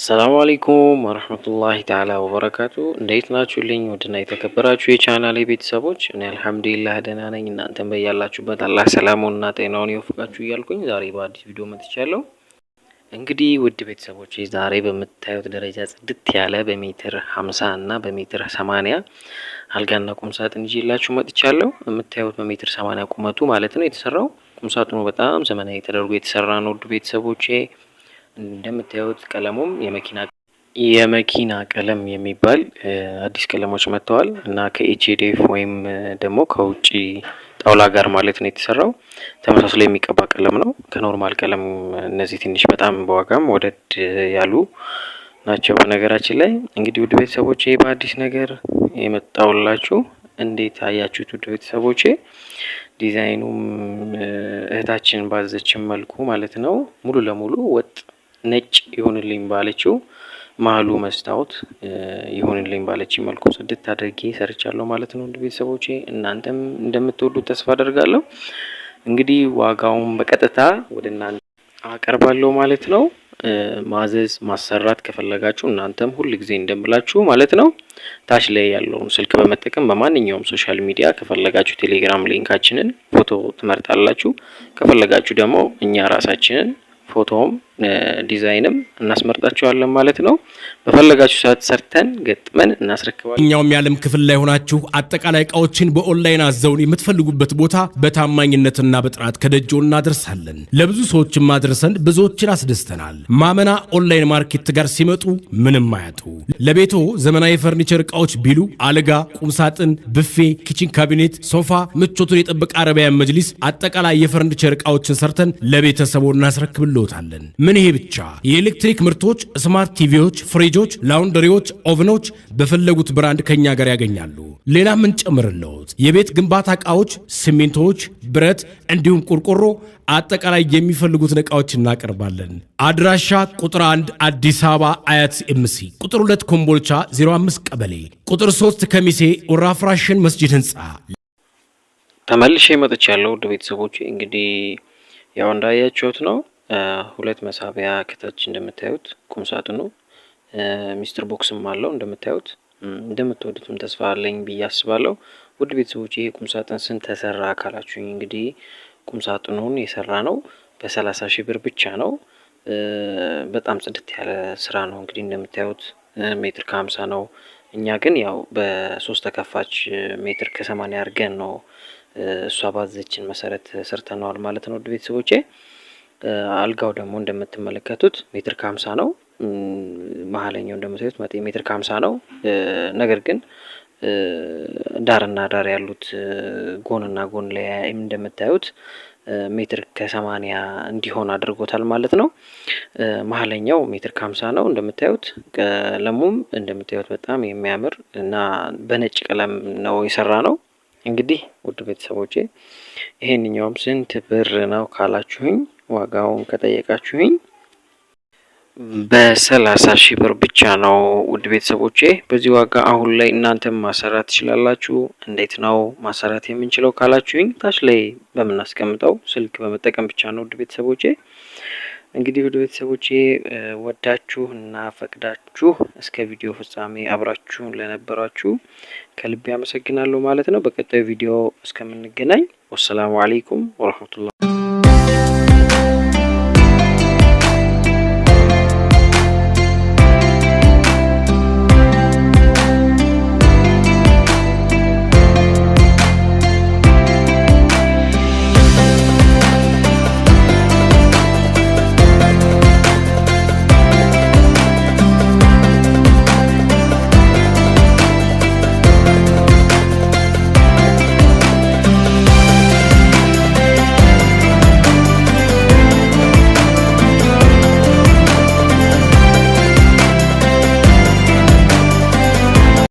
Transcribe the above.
ሰላም አለይኩም ወረህመቱላሂ ተዓላ ወበረካቱ። እንዴት ናችሁልኝ? ውድና የተከበራችሁ የቻናሌ ቤተሰቦች እኔ አልሐምዱሊላህ ደህና ነኝ። እናንተን በያላችሁበት አላህ ሰላሙንና ጤናውን ይወፍቃችሁ እያልኩኝ ዛሬ በአዲስ ቪዲዮ መጥቻለሁ። እንግዲህ ውድ ቤተሰቦች ዛሬ በምታዩት ደረጃ ጽድት ያለ በሜትር ሀምሳ እና በሜትር ሰማንያ አልጋና ቁምሳጥን ይዤላችሁ መጥቻለሁ። የምታዩት በሜትር ሰማንያ ቁመቱ ማለት ነው የተሰራው። ቁምሳጥኑ በጣም ዘመናዊ ተደርጎ የተሰራ ነው ውድ ቤተሰቦቼ እንደምታዩት ቀለሙም የመኪና የመኪና ቀለም የሚባል አዲስ ቀለሞች መጥተዋል እና ከኤችዲኤፍ ወይም ደግሞ ከውጭ ጣውላ ጋር ማለት ነው የተሰራው። ተመሳስሎ የሚቀባ ቀለም ነው ከኖርማል ቀለም። እነዚህ ትንሽ በጣም በዋጋም ወደድ ያሉ ናቸው። በነገራችን ላይ እንግዲህ ውድ ቤተሰቦቼ በአዲስ ነገር የመጣውላችሁ እንዴት አያችሁት? ውድ ቤተሰቦቼ ዲዛይኑም እህታችን ባዘችን መልኩ ማለት ነው ሙሉ ለሙሉ ወጥ ነጭ ይሁንልኝ ባለችው መሀሉ መስታወት ይሁንልኝ ባለች መልኩ ጽድት አድርጌ ሰርቻለሁ ማለት ነው። ቤተሰቦቼ እናንተም እንደምትወዱ ተስፋ አደርጋለሁ። እንግዲህ ዋጋውን በቀጥታ ወደ እናንተ አቀርባለሁ ማለት ነው። ማዘዝ ማሰራት ከፈለጋችሁ እናንተም ሁል ጊዜ እንደምላችሁ ማለት ነው ታች ላይ ያለውን ስልክ በመጠቀም በማንኛውም ሶሻል ሚዲያ ከፈለጋችሁ ቴሌግራም ሊንካችንን ፎቶ ትመርጣላችሁ። ከፈለጋችሁ ደግሞ እኛ ራሳችንን ፎቶም ዲዛይንም እናስመርጣችኋለን ማለት ነው። በፈለጋችሁ ሰዓት ሰርተን ገጥመን እናስረክባለን። እኛውም የዓለም ክፍል ላይ ሆናችሁ አጠቃላይ እቃዎችን በኦንላይን አዘውን የምትፈልጉበት ቦታ በታማኝነትና በጥራት ከደጆ እናደርሳለን። ለብዙ ሰዎችም ማድረሰን ብዙዎችን አስደስተናል። ማመና ኦንላይን ማርኬት ጋር ሲመጡ ምንም አያጡ። ለቤቶ ዘመናዊ ፈርኒቸር እቃዎች ቢሉ አልጋ፣ ቁምሳጥን፣ ብፌ፣ ኪችን ካቢኔት፣ ሶፋ፣ ምቾቱን የጠበቀ አረቢያን መጅሊስ፣ አጠቃላይ የፈርኒቸር እቃዎችን ሰርተን ለቤተሰቦ እናስረክብልዎታለን። ምን ይሄ ብቻ! የኤሌክትሪክ ምርቶች፣ ስማርት ቲቪዎች፣ ፍሪጆች፣ ላውንደሪዎች፣ ኦቭኖች በፈለጉት ብራንድ ከኛ ጋር ያገኛሉ። ሌላ ምን ጨምርልዎት? የቤት ግንባታ እቃዎች፣ ሲሚንቶዎች፣ ብረት እንዲሁም ቆርቆሮ፣ አጠቃላይ የሚፈልጉትን ዕቃዎች እናቀርባለን። አድራሻ ቁጥር 1 አዲስ አበባ አያት ኤምሲ፣ ቁጥር 2 ኮምቦልቻ 05 ቀበሌ፣ ቁጥር 3 ከሚሴ ወራፍራሽን መስጂድ ህንፃ። ተመልሼ መጥቻለሁ ውድ ቤተሰቦች እንግዲህ ያው እንዳያችሁት ነው ሁለት መሳቢያ ከታች እንደምታዩት ቁም ሚስትር ቦክስም አለው እንደምታዩት እንደምትወዱትም ተስፋ አለኝ ብዬ አስባለሁ። ውድ ቤተሰቦች ይሄ ቁም ሳጥን ስንት ተሰራ አካላችሁኝ? እንግዲህ ቁም ሳጥኑን የሰራ ነው በሰላሳ ሺህ ብር ብቻ ነው። በጣም ጽድት ያለ ስራ ነው። እንግዲህ እንደምታዩት ሜትር ከሀምሳ ነው። እኛ ግን ያው በሶስት ተከፋች ሜትር ከሰማንያ አድርገን ነው እሷ ባዘችን መሰረት ሰርተነዋል ማለት ነው። ውድ ቤተሰቦቼ አልጋው ደግሞ እንደምትመለከቱት ሜትር ከሀምሳ ነው። መሀለኛው እንደምታዩት ሜትር ከሀምሳ ነው። ነገር ግን ዳርና ዳር ያሉት ጎንና ጎን ላይ እንደምታዩት ሜትር ከሰማንያ እንዲሆን አድርጎታል ማለት ነው። መሀለኛው ሜትር ከሀምሳ ነው እንደምታዩት። ቀለሙም እንደምታዩት በጣም የሚያምር እና በነጭ ቀለም ነው የሰራ ነው። እንግዲህ ውድ ቤተሰቦቼ ይሄንኛውም ስንት ብር ነው ካላችሁኝ፣ ዋጋውን ከጠየቃችሁኝ በሰላሳ ሺህ ብር ብቻ ነው። ውድ ቤተሰቦቼ በዚህ ዋጋ አሁን ላይ እናንተም ማሰራት ትችላላችሁ። እንዴት ነው ማሰራት የምንችለው ካላችሁኝ፣ ታች ላይ በምናስቀምጠው ስልክ በመጠቀም ብቻ ነው ውድ ቤተሰቦቼ እንግዲህ ወደ ቤተሰቦቼ ወዳችሁ እና ፈቅዳችሁ እስከ ቪዲዮ ፍጻሜ አብራችሁን ለነበራችሁ ከልቤ አመሰግናለሁ ማለት ነው። በቀጣዩ ቪዲዮ እስከምንገናኝ ወሰላሙ አሌይኩም ወረህመቱላህ።